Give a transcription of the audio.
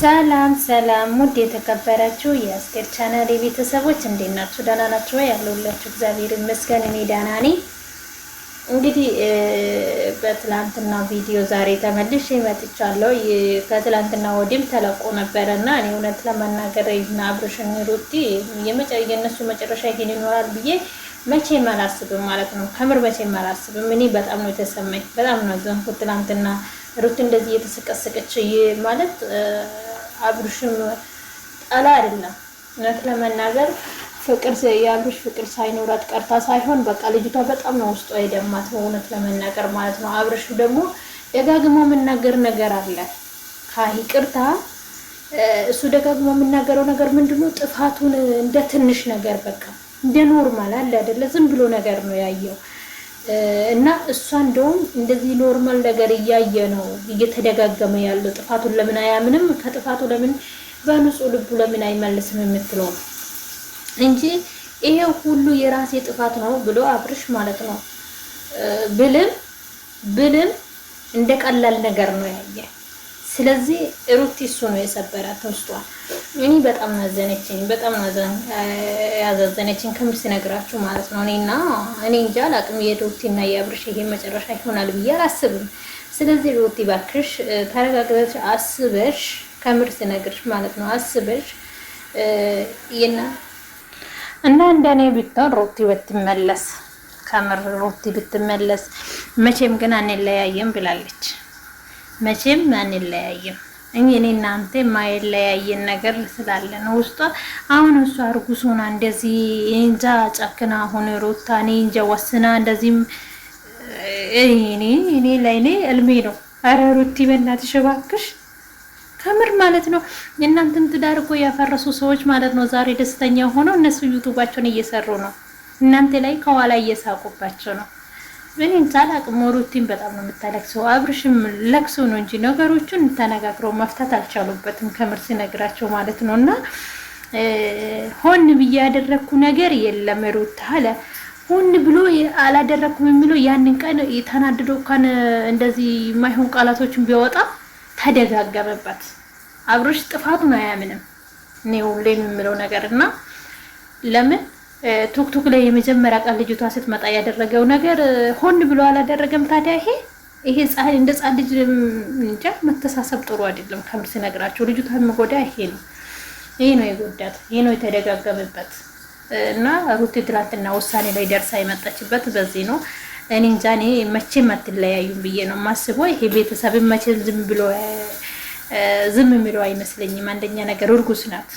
ሰላም ሰላም ውድ የተከበራችሁ የአስቴር ቻናል የቤተሰቦች እንዴት ናችሁ? ደህና ናችሁ ወይ? ያለሁላችሁ እግዚአብሔር ይመስገን እኔ ደህና ነኝ። እንግዲህ በትላንትና ቪዲዮ ዛሬ ተመልሼ መጥቻለሁ። ከትላንትና ወዲህም ተለቆ ነበረ እና እኔ እውነት ለመናገር እና አብርሽን ሩቲ የእነሱ መጨረሻ ይሄን ይኖራል ብዬ መቼም አላስብም ማለት ነው። ከምር መቼም አላስብም። እኔ በጣም ነው የተሰማኝ፣ በጣም ነው ያዘንኩት። ትላንትና ሩቲ እንደዚህ እየተሰቀሰቀች ማለት አብርሽም ጠላ አይደለም። እውነት ለመናገር ፍቅር የአብርሽ ፍቅር ሳይኖራት ቀርታ ሳይሆን በቃ ልጅቷ በጣም ነው ውስጧ የደማት እውነት ለመናገር ማለት ነው። አብርሽ ደግሞ ደጋግሞ የምናገር ነገር አለ ቅርታ እሱ ደጋግሞ የምናገረው ነገር ምንድነው? ጥፋቱን እንደ ትንሽ ነገር በቃ እንደ ኖርማል አለ አይደለ? ዝም ብሎ ነገር ነው ያየው። እና እሷ እንደውም እንደዚህ ኖርማል ነገር እያየ ነው እየተደጋገመ ያለው ጥፋቱን ለምን አያምንም? ከጥፋቱ ለምን በንጹህ ልቡ ለምን አይመልስም የምትለው ነው እንጂ ይሄ ሁሉ የራሴ ጥፋት ነው ብሎ አብርሽ ማለት ነው ብልም ብልም እንደ ቀላል ነገር ነው ያየ ስለዚህ ሩቲ እሱ ነው የሰበራት ውስጧ። እኔ በጣም ናዘነችኝ፣ በጣም ያዘዘነችኝ ከምስ ነግራችሁ ማለት ነው። እኔና እኔ እንጃ አላቅም እና የአብርሽ ይሄ መጨረሻ ይሆናል ብዬ አላስብም። ስለዚህ ሩቲ ባክሽ ተረጋግተሽ አስበሽ ከምር ስነግርሽ ማለት ነው አስበሽ እና እና እንደኔ ብትሆን ሩቲ ብትመለስ ከምር ሩቲ ብትመለስ መቼም ግን አንለያየም ብላለች። መቼም አንለያይም። እኔ እናንተ የማይለያየን ነገር ስላለ ነው። ውስጧ አሁን እሷ እርጉዝ ሆና እንደዚህ እንጃ ጨክና ሆነ ሩታ እኔ እንጃ ወስና እንደዚህም እኔ እኔ ለእኔ እልሜ ነው። ኧረ ሩቲ በእናትሽ እባክሽ ከምር ማለት ነው። እናንተን ትዳር እኮ ያፈረሱ ሰዎች ማለት ነው ዛሬ ደስተኛ ሆነው እነሱ ዩቱባቸውን እየሰሩ ነው። እናንተ ላይ ከኋላ እየሳቁባቸው ነው። እኔም ሳላቅም ሩቲን በጣም ነው የምታለቅሰው። አብርሽም ለቅሶ ነው እንጂ ነገሮቹን ተነጋግረው መፍታት አልቻሉበትም። ከምር ሲነግራቸው ማለት ነው እና ሆን ብዬ ያደረግኩ ነገር የለም ሩት አለ ሆን ብሎ አላደረግኩም የሚለው ያንን ቀን ተናድዶ እንኳን እንደዚህ የማይሆን ቃላቶችን ቢያወጣ ተደጋገመበት። አብርሽ ጥፋቱን አያምንም። እኔ ሁሌ የምለው ነገር እና ለምን ቱክቱክ ላይ የመጀመሪያ ቀን ልጅቷ ስትመጣ ያደረገው ነገር ሆን ብሎ አላደረገም። ታዲያ ይሄ ይሄ ፀሐይ እንደ ፀሐይ ልጅ እንጃ መተሳሰብ ጥሩ አይደለም። ከምር ሲነግራቸው ልጅቷ የሚጎዳ ይሄ ነው። ይሄ ነው የጎዳት፣ ይሄ ነው የተደጋገመበት እና ሩቲ ትላንትና ውሳኔ ላይ ደርሳ የመጣችበት በዚህ ነው። እኔ እንጃ እኔ መቼም አትለያዩም ብዬ ነው ማስበው። ይሄ ቤተሰብን መቼም ዝም ብሎ ዝም የሚለው አይመስለኝም። አንደኛ ነገር እርጉስ ናት።